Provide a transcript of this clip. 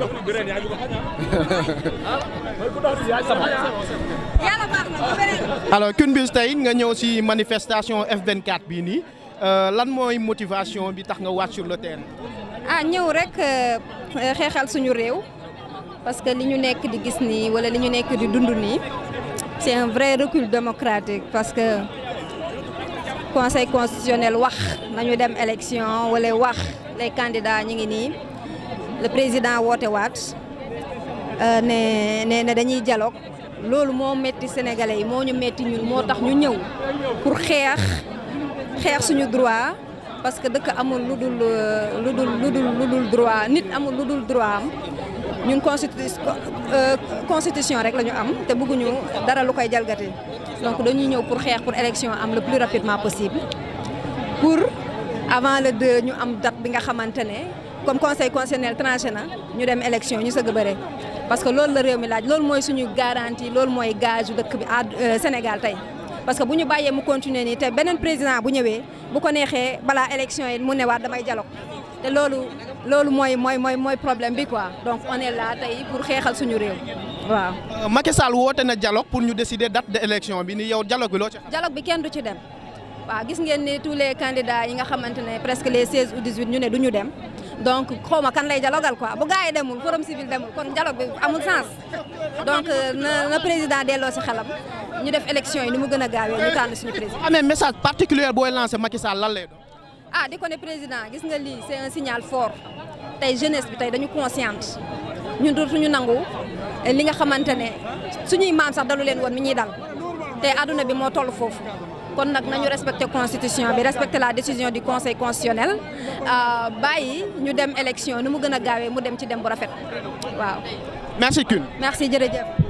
alors Queen tey nga ñëw ci manifestation F24 bii nii euh, lan mooy motivation bi tax nga wàcc sur le terrain. ah ñëw rek euh, xeexal suñu réew parce que li ñu nekk di gis nii wala li ñu nekk di dund nii c'est un vrai recul démocratique parce que conseil constitutionnel wax nañu dem élection wala wax les candidats ñu ngi nii. le président woote waat euh, ne ne ne dañuy dialogue loolu moo metti sénégalais yi moo ñu metti ñun moo tax ñu ñëw pour xeex xeex suñu droit parce que dëkk amul lu dul euh, lu dul lu dul lu droit nit amul lu dul droit am ñun euh, constitution rek la ñu am te bëgguñu dara lu koy jalgati donc dañuy ñëw pour xeex pour élection am le plus rapidement possible pour avant le 2 ñu am date bi nga xamante ne comme conseil constitutionnel tranché na ñu dem élection ñu sëgg bëre parce que loolu la réew mi laaj loolu mooy suñu garantie loolu mooy gage dëkk bi à euh, Sénégal tey parce que bu ñu bàyyee mu continuer nii te beneen président bu ñëwee bu ko neexee balaa élection yi mu ne newaat damay dialogue te loolu loolu mooy mooy mooy mooy problème bi quoi donc on la là tey pour xeexal suñu réew waaw. Euh, Macky Sall woote na dialogue pour ñu décider date de élection bi ni yow dialogue bi loo ci. bi kenn du ci dem waaw gis ngeen ni tous les candidats yi nga xamante ne presque les 16 ou ñu ne du dem. donc xaw kan lay dialogal quoi bu gars yi demul forum civil demul kon dialogue bi amul sens donc euh, na na président delloo si xelam ñu def élection yi ni mu gën a gaawee ñu tànn suñu président. amee message particulier booy lancé Macky Sall lan lay doon. ah di ko ne président gis nga lii c'est un signal fort tey jeunesse bi tey dañu consciente ñun dootuñu nangu li nga xamante ne suñuy maam sax dalu leen woon mi ñuy dal te adduna bi moo toll foofu. kon nag nañu respecté constitution bi respecté la décision du conseil constitutionnel euh, bàyyi ñu dem élection nu mu gën a gaawee mu dem ci dem bu rafet waaw. merci Thioune. merci jërëjëf.